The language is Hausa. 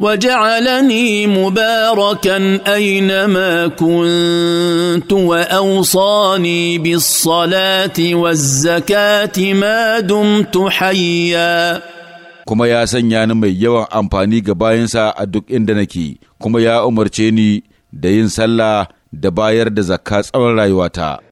وجعلني مباركا اينما كنت واوصاني بالصلاه والزكاه ما دمت حيا kuma ya sanya ni mai yawan amfani ga bayansa a duk inda nake kuma ya umarce ni da yin sallah da bayar da zakka tsawon rayuwata